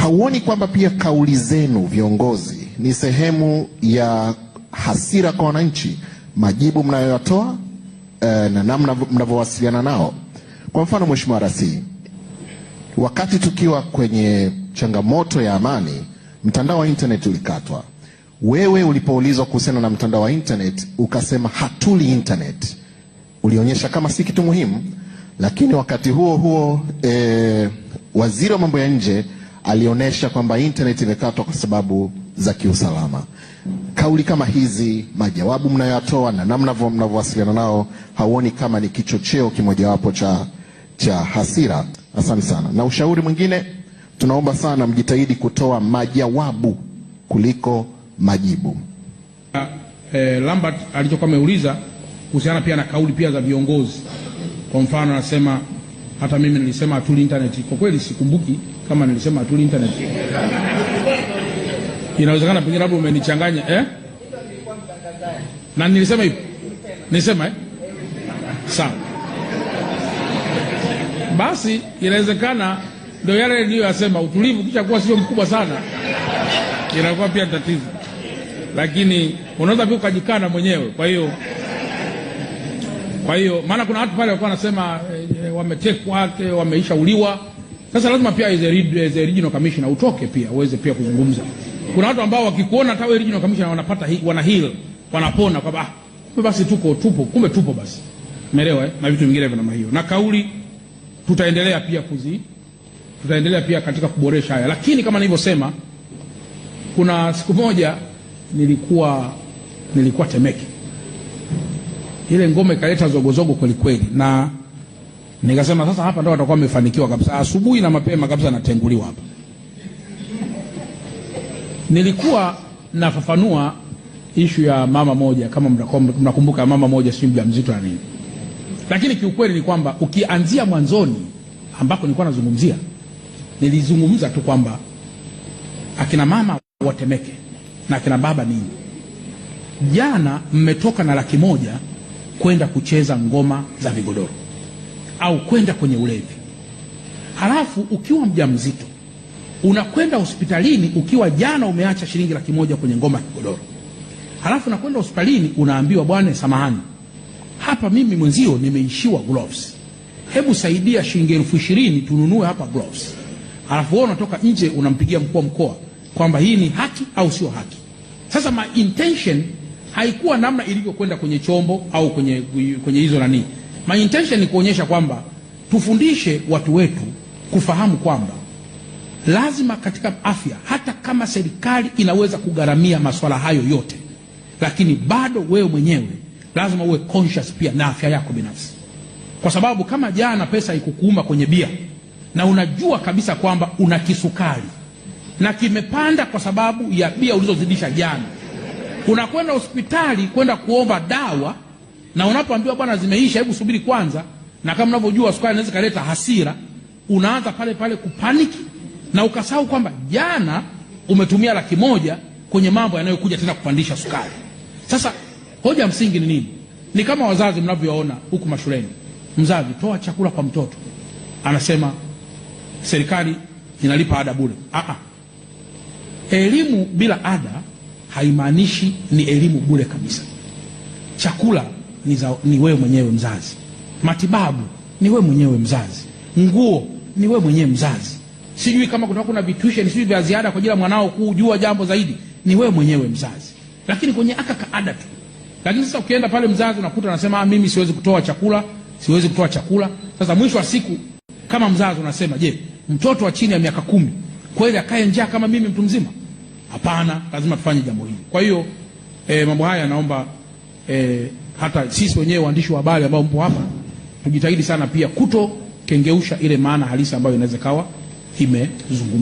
Hauoni kwamba pia kauli zenu viongozi ni sehemu ya hasira kwa wananchi, majibu mnayoyatoa eh, na namna mnavyowasiliana nao? Kwa mfano, Mheshimiwa Rasi, wakati tukiwa kwenye changamoto ya amani, mtandao wa internet ulikatwa. Wewe ulipoulizwa kuhusiana na mtandao wa internet ukasema hatuli internet, ulionyesha kama si kitu muhimu, lakini wakati huo huo eh, waziri wa mambo ya nje alionyesha kwamba internet imekatwa kwa sababu za kiusalama. Kauli kama hizi, majawabu mnayoyatoa na namna mnavyowasiliana nao, hauoni kama ni kichocheo kimojawapo cha, cha hasira? Asante sana. Na ushauri mwingine, tunaomba sana mjitahidi kutoa majawabu kuliko majibu. Eh, Lambert alichokuwa ameuliza kuhusiana pia na kauli pia za viongozi, kwa mfano anasema hata mimi nilisema hatuli internet. Kwa kweli sikumbuki kama nilisema hatuli internet inawezekana pengine labda umenichanganya eh? na nilisema hivi nilisema eh? sawa basi inawezekana ndio yale yasema utulivu kisha kuwa sio mkubwa sana inakuwa pia tatizo lakini unaweza pia ukajikana mwenyewe kwa hiyo kwa hiyo maana kuna watu pale walikuwa wanasema e, eh, eh, wametekwa wameishauliwa sasa lazima pia as a, regional commissioner utoke pia uweze pia kuzungumza. Kuna watu ambao wakikuona hata wewe regional commissioner wanapata hi, wana heal, wanapona kwamba ah, kumbe basi tuko tupo, kumbe tupo basi. Umeelewa eh? Na vitu vingine vya namna hiyo. Na kauli tutaendelea pia kuzi tutaendelea pia katika kuboresha haya. Lakini kama nilivyosema kuna siku moja nilikuwa nilikuwa Temeke. Ile ngoma ikaleta zogozogo kweli kweli na Nikasema sasa hapa ndo watakuwa wamefanikiwa kabisa. Asubuhi na mapema kabisa natenguliwa hapa. Nilikuwa nafafanua ishu ya mama moja, kama mnakumbuka, mama moja si mjamzito na nini, lakini kiukweli ni kwamba ukianzia mwanzoni ambako nilikuwa nazungumzia, nilizungumza tu kwamba akina mama watemeke na akina baba nini. Jana mmetoka na laki moja kwenda kucheza ngoma za vigodoro au kwenda kwenye ulevi. Halafu ukiwa mjamzito unakwenda hospitalini ukiwa jana umeacha shilingi laki moja kwenye ngoma ya kigodoro, halafu unakwenda hospitalini unaambiwa, bwana, samahani, hapa mimi mwenzio nimeishiwa gloves, hebu saidia shilingi elfu ishirini tununue hapa gloves. Halafu wewe unatoka nje unampigia mkuu wa mkoa kwamba hii ni haki au sio haki. Sasa my intention haikuwa namna ilivyokwenda kwenye chombo au kwenye kwenye hizo nani My intention ni kuonyesha kwamba tufundishe watu wetu kufahamu kwamba lazima katika afya, hata kama serikali inaweza kugharamia masuala hayo yote, lakini bado wewe mwenyewe lazima uwe conscious pia na afya yako binafsi, kwa sababu kama jana pesa ikukuuma kwenye bia na unajua kabisa kwamba una kisukari na kimepanda kwa sababu ya bia ulizozidisha jana, unakwenda hospitali kwenda kuomba dawa na unapoambiwa bwana zimeisha, hebu subiri kwanza, na kama unavyojua sukari inaweza kaleta hasira, unaanza pale pale kupaniki na ukasahau kwamba jana umetumia laki moja kwenye mambo yanayokuja tena kupandisha sukari. Sasa hoja msingi ni nini? Ni kama wazazi mnavyoona huku mashuleni, mzazi toa chakula kwa mtoto, anasema serikali inalipa ada bure. Aa, elimu bila ada haimaanishi ni elimu bure kabisa. Chakula ni, za, ni wewe mwenyewe mzazi, matibabu ni wewe mwenyewe mzazi, nguo ni wewe mwenyewe mzazi, sijui kama kuna kuna ni sijui vya ziada kwa ajili ya mwanao kujua jambo zaidi, ni wewe mwenyewe mzazi. Lakini kwenye aka kaada tu. Lakini sasa ukienda pale mzazi unakuta anasema ah, mimi siwezi kutoa chakula, siwezi kutoa chakula. Sasa mwisho wa siku kama mzazi unasema, je, mtoto wa chini ya miaka kumi kweli akae njaa kama mimi mtu mzima? Hapana, lazima tufanye jambo hili. Kwa hiyo eh, mambo haya naomba e, hata sisi wenyewe waandishi wa habari ambao mpo hapa tujitahidi sana pia kutokengeusha ile maana halisi ambayo inaweza kawa imezungumzwa.